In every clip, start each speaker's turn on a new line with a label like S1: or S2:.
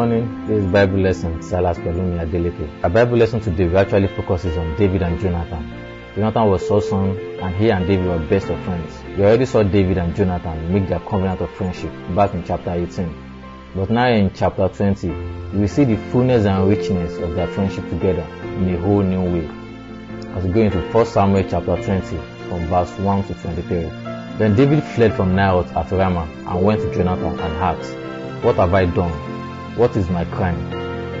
S1: morning. This is Bible lesson. Salas Pelumi Adeleke. Our Bible lesson today actually focuses on David and Jonathan. Jonathan was Saul's son, and he and David were best of friends. We already saw David and Jonathan make their covenant of friendship back in chapter 18. But now in chapter 20, we see the fullness and richness of their friendship together in a whole new way. As we go into 1 Samuel chapter 20, from verse 1 to 23. Then David fled from Naioth at Ramah and went to Jonathan and asked, What have I done? What is my crime?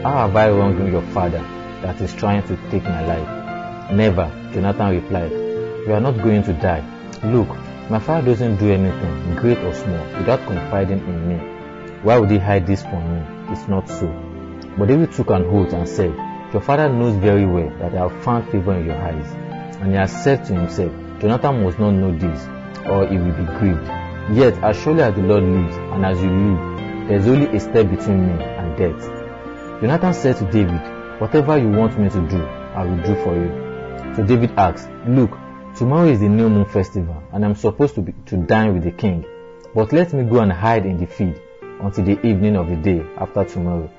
S1: How have I wronged your father that is trying to take my life? Never, Jonathan replied. You are not going to die. Look, my father doesn't do anything, great or small, without confiding in me. Why would he hide this from me? It's not so. But David took an oath and said, Your father knows very well that I have found favor in your eyes. And he has said to himself, Jonathan must not know this, or he will be grieved. Yet, as surely as the Lord lives, and as you live, there's only a step between me and death. Jonathan said to David, Whatever you want me to do, I will do for you. So David asked, Look, tomorrow is the new moon festival, and I'm supposed to, be, to dine with the king. But let me go and hide in the field until the evening of the day after tomorrow.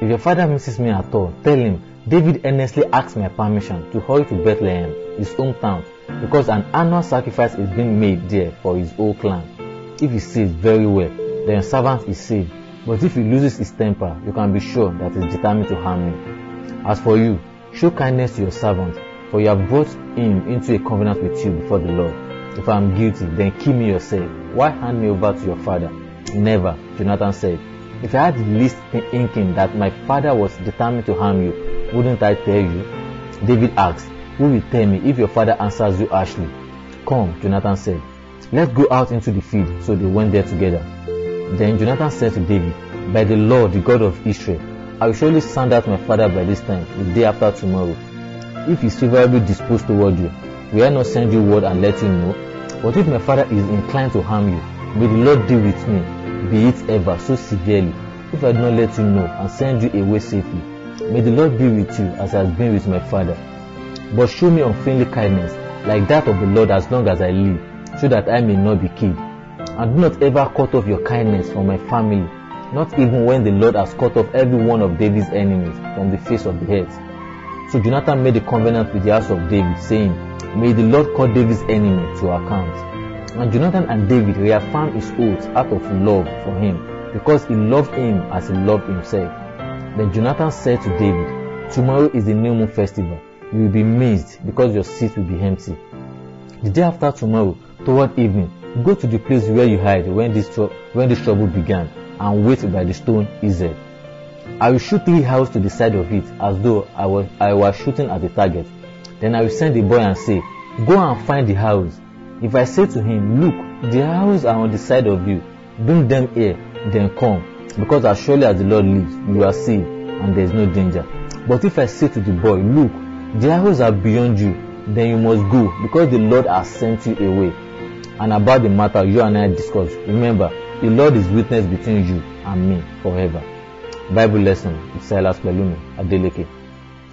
S1: If your father misses me at all, tell him David earnestly asked my permission to hurry to Bethlehem, his hometown, because an annual sacrifice is being made there for his whole clan. If he sees very well, the servant is saved. But if he loses his temper, you can be sure that he is determined to harm you. As for you, show kindness to your servant, for you have brought him into a covenant with you before the Lord. If I am guilty, then kill me yourself. Why hand me over to your father? Never, Jonathan said. If I had the least inkling that my father was determined to harm you, wouldn't I tell you? David asked, Who will tell me if your father answers you harshly? Come, Jonathan said. Let's go out into the field. So they went there together. Then Jonathan said to David, By the Lord, the God of Israel, I will surely send out my father by this time, the day after tomorrow. If he is favorably disposed toward you, will I not send you word and let you know? But if my father is inclined to harm you, may the Lord deal with me, be it ever so severely, if I do not let you know and send you away safely. May the Lord be with you as I have been with my father. But show me unfriendly kindness, like that of the Lord as long as I live, so that I may not be killed and do not ever cut off your kindness from my family, not even when the Lord has cut off every one of David's enemies from the face of the earth. So Jonathan made a covenant with the house of David, saying, May the Lord call David's enemy to account. And Jonathan and David reaffirmed his oath out of love for him, because he loved him as he loved himself. Then Jonathan said to David, Tomorrow is the new moon festival. You will be missed because your seat will be empty. The day after tomorrow, toward evening, Go to the place where you hide when this, tro- when this trouble began and wait by the stone Ezel. I will shoot three arrows to the side of it as though I was, I was shooting at a the target. Then I will send the boy and say, Go and find the arrows. If I say to him, Look, the arrows are on the side of you, bring them here, then come. Because as surely as the Lord lives, you are saved, and there is no danger. But if I say to the boy, Look, the arrows are beyond you, then you must go, because the Lord has sent you away. And about the matter you and I discussed, remember, the Lord is witness between you and me forever. Bible lesson with Silas Pelumi Adeleke.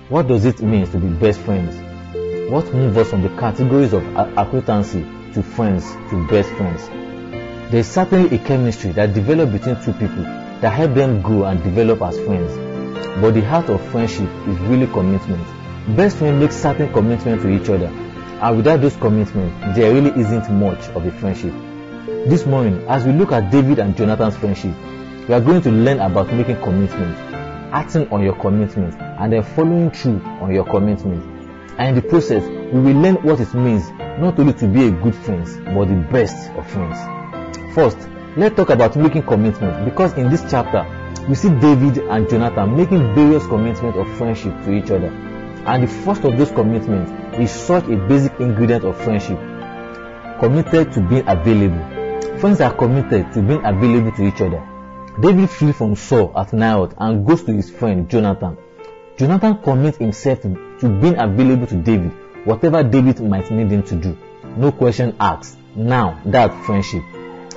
S1: What does it mean to be best friends? What moves us from the categories of acquaintancy to friends to best friends? There is certainly a chemistry that develops between two people that help them grow and develop as friends. But the heart of friendship is really commitment. Best friends make certain commitment to each other and without those commitments, there really isn't much of a friendship. This morning, as we look at David and Jonathan's friendship, we are going to learn about making commitments, acting on your commitments, and then following through on your commitments. And in the process, we will learn what it means not only to be a good friend, but the best of friends. First, let's talk about making commitments because in this chapter, we see David and Jonathan making various commitments of friendship to each other. And the first of those commitments is such a basic ingredient of friendship. Committed to being available. Friends are committed to being available to each other. David flees from Saul at Naoth and goes to his friend Jonathan. Jonathan commits himself to being available to David, whatever David might need him to do. No question asked. Now that friendship.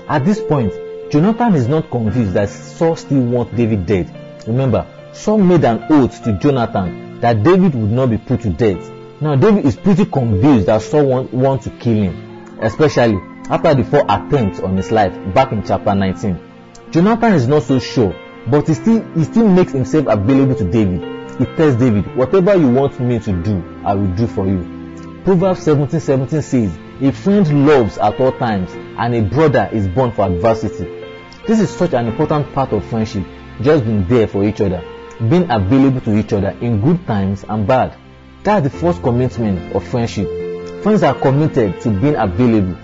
S1: At this point, Jonathan is not convinced that Saul still wants David dead. Remember, Saul made an oath to Jonathan that David would not be put to death. Now David is pretty convinced that Saul want, want to kill him, especially after the four attempts on his life back in chapter 19. Jonathan is not so sure, but he still he still makes himself available to David. He tells David, Whatever you want me to do, I will do for you. Proverbs 17 17 says, A friend loves at all times, and a brother is born for adversity. This is such an important part of friendship, just being there for each other, being available to each other in good times and bad. That's the first commitment of friendship. Friends are committed to being available.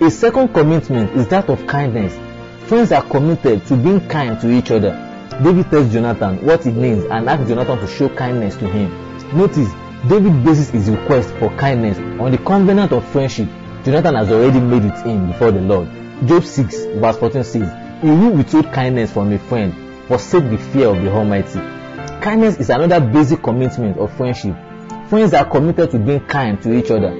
S1: A second commitment is that of kindness. Friends are committed to being kind to each other. David tells Jonathan what it means and asks Jonathan to show kindness to him. Notice, David bases his request for kindness on the covenant of friendship Jonathan has already made it in before the Lord. Job 6 verse 14 says, He who withhold kindness from a friend forsake the fear of the Almighty. Kindness is another basic commitment of friendship. Friends are committed to being kind to each other.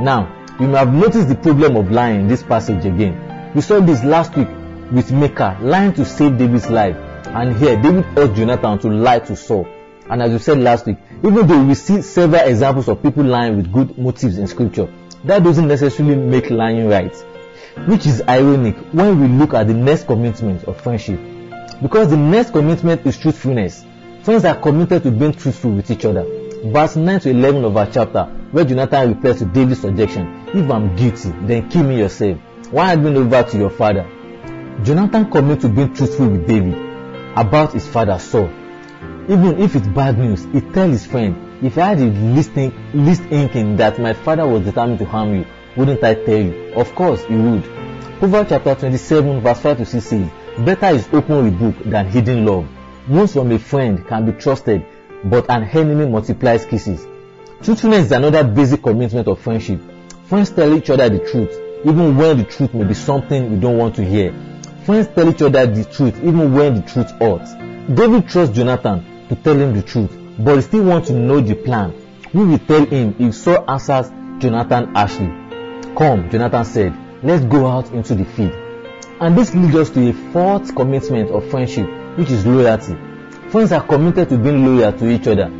S1: Now, you may have noticed the problem of lying in this passage again. We saw this last week with Mecca lying to save David's life. And here, David urged Jonathan to lie to Saul. And as we said last week, even though we see several examples of people lying with good motives in scripture, that doesn't necessarily make lying right. Which is ironic when we look at the next commitment of friendship. Because the next commitment is truthfulness. Friends are committed to being truthful with each other verse 9 to 11 of our chapter, where Jonathan replies to David's suggestion, If I'm guilty, then kill me yourself. Why hand me over to your father? Jonathan commits to being truthful with David about his father Saul. Even if it's bad news, he tells his friend, If I had the least, think, least thinking that my father was determined to harm you, wouldn't I tell you? Of course, he would. Proverbs chapter 27, verse 5 to 6 says, Better is open rebuke than hidden love. News from a friend can be trusted but an enemy multiplies kisses. Truthfulness is another basic commitment of friendship. Friends tell each other the truth, even when the truth may be something we don't want to hear. Friends tell each other the truth, even when the truth hurts. David trusts Jonathan to tell him the truth, but he still wants to know the plan. Who will tell him if Saul answers Jonathan Ashley. Come, Jonathan said, let's go out into the field. And this leads us to a fourth commitment of friendship, which is loyalty. Friends are committed to being loyal to each other.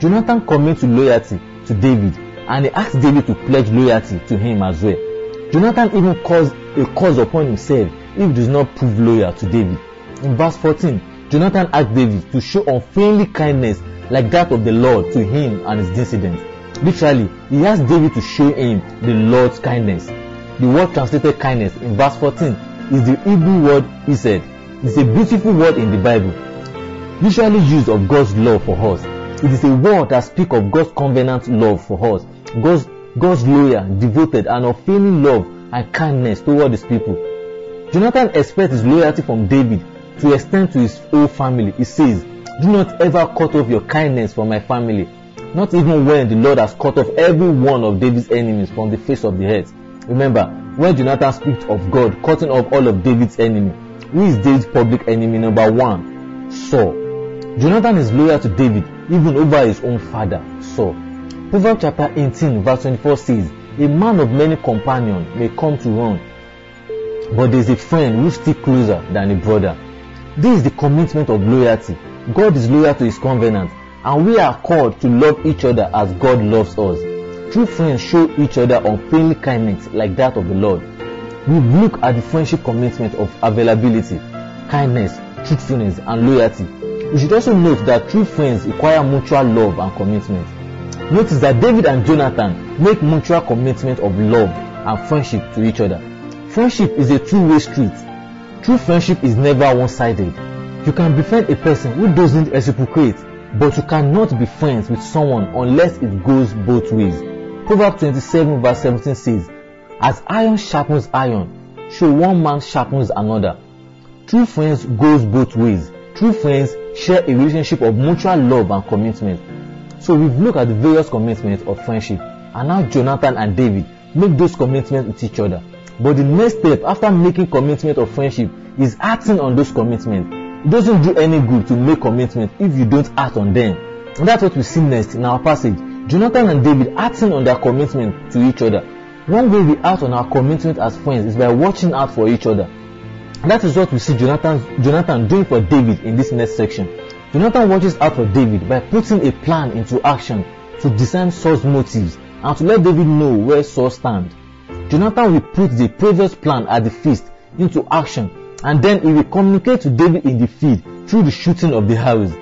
S1: Jonathan commits loyalty to David and he asked David to pledge loyalty to him as well. Jonathan even calls a curse upon himself if he does not prove loyal to David. In verse 14, Jonathan asked David to show unfailing kindness like that of the Lord to him and his descendants. Literally, he asked David to show him the Lord's kindness. The word translated kindness in verse 14 is the Hebrew word he said. It's a beautiful word in the Bible usually used of God's love for us. It is a word that speaks of God's covenant love for us, God's, God's loyal, devoted, and unfailing love and kindness toward his people. Jonathan expects his loyalty from David to extend to his whole family. He says, Do not ever cut off your kindness from my family, not even when the Lord has cut off every one of David's enemies from the face of the earth. Remember, when Jonathan speaks of God cutting off all of David's enemies, who is David's public enemy number one? Saul. Jonathan is loyal to David even over his own father, Saul. Proverbs chapter 18, verse 24 says, A man of many companions may come to ruin, but there is a friend who sticks closer than a brother. This is the commitment of loyalty. God is loyal to his covenant, and we are called to love each other as God loves us. True friends show each other unfailing kindness like that of the Lord. We look at the friendship commitment of availability, kindness, truthfulness, and loyalty you should also note that true friends require mutual love and commitment. Notice that David and Jonathan make mutual commitment of love and friendship to each other. Friendship is a two-way street. True friendship is never one-sided. You can befriend a person who doesn't reciprocate, but you cannot be friends with someone unless it goes both ways. Proverbs 27 verse 17 says, As iron sharpens iron, so one man sharpens another. True friends goes both ways. True friends share a relationship of mutual love and commitment. So we've looked at the various commitments of friendship and now Jonathan and David make those commitments with each other. But the next step after making commitment of friendship is acting on those commitments. It doesn't do any good to make commitment if you don't act on them. And that's what we see next in our passage. Jonathan and David acting on their commitment to each other. One way we act on our commitment as friends is by watching out for each other. That is what we see Jonathan, Jonathan doing for David in this next section. Jonathan watches out for David by putting a plan into action to discern Saul's motives and to let David know where Saul stands. Jonathan will put the previous plan at the feast into action and then he will communicate to David in the field through the shooting of the arrows.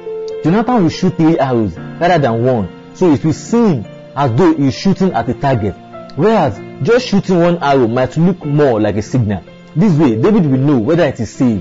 S1: Jonathan will shoot three arrows rather than one, so it will seem as though he is shooting at a target, whereas just shooting one arrow might look more like a signal. This way, David will know whether it is safe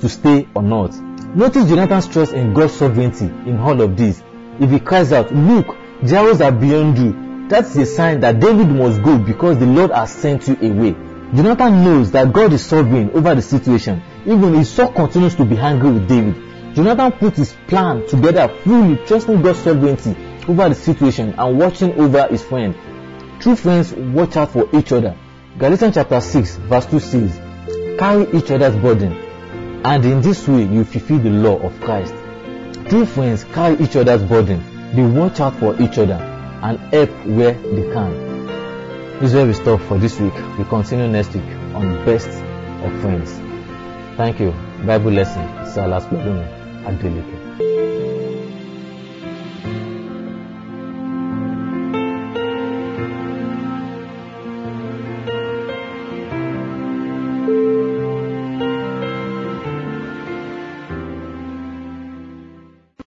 S1: to stay or not. Notice Jonathan's trust in God's sovereignty in all of this. If he cries out, Look, the arrows are beyond you, that's a sign that David must go because the Lord has sent you away. Jonathan knows that God is sovereign over the situation, even if Saul continues to be angry with David. Jonathan put his plan together fully trusting God's sovereignty over the situation and watching over his friend. True friends watch out for each other Galatians chapter 6, verse 2 says, Carry each other's burden, and in this way you fulfill the law of Christ. True friends carry each other's burden, they watch out for each other, and help where they can. This is where we stop for this week. We continue next week on Best of Friends. Thank you. Bible lesson. Salas Bladumi Adeleke.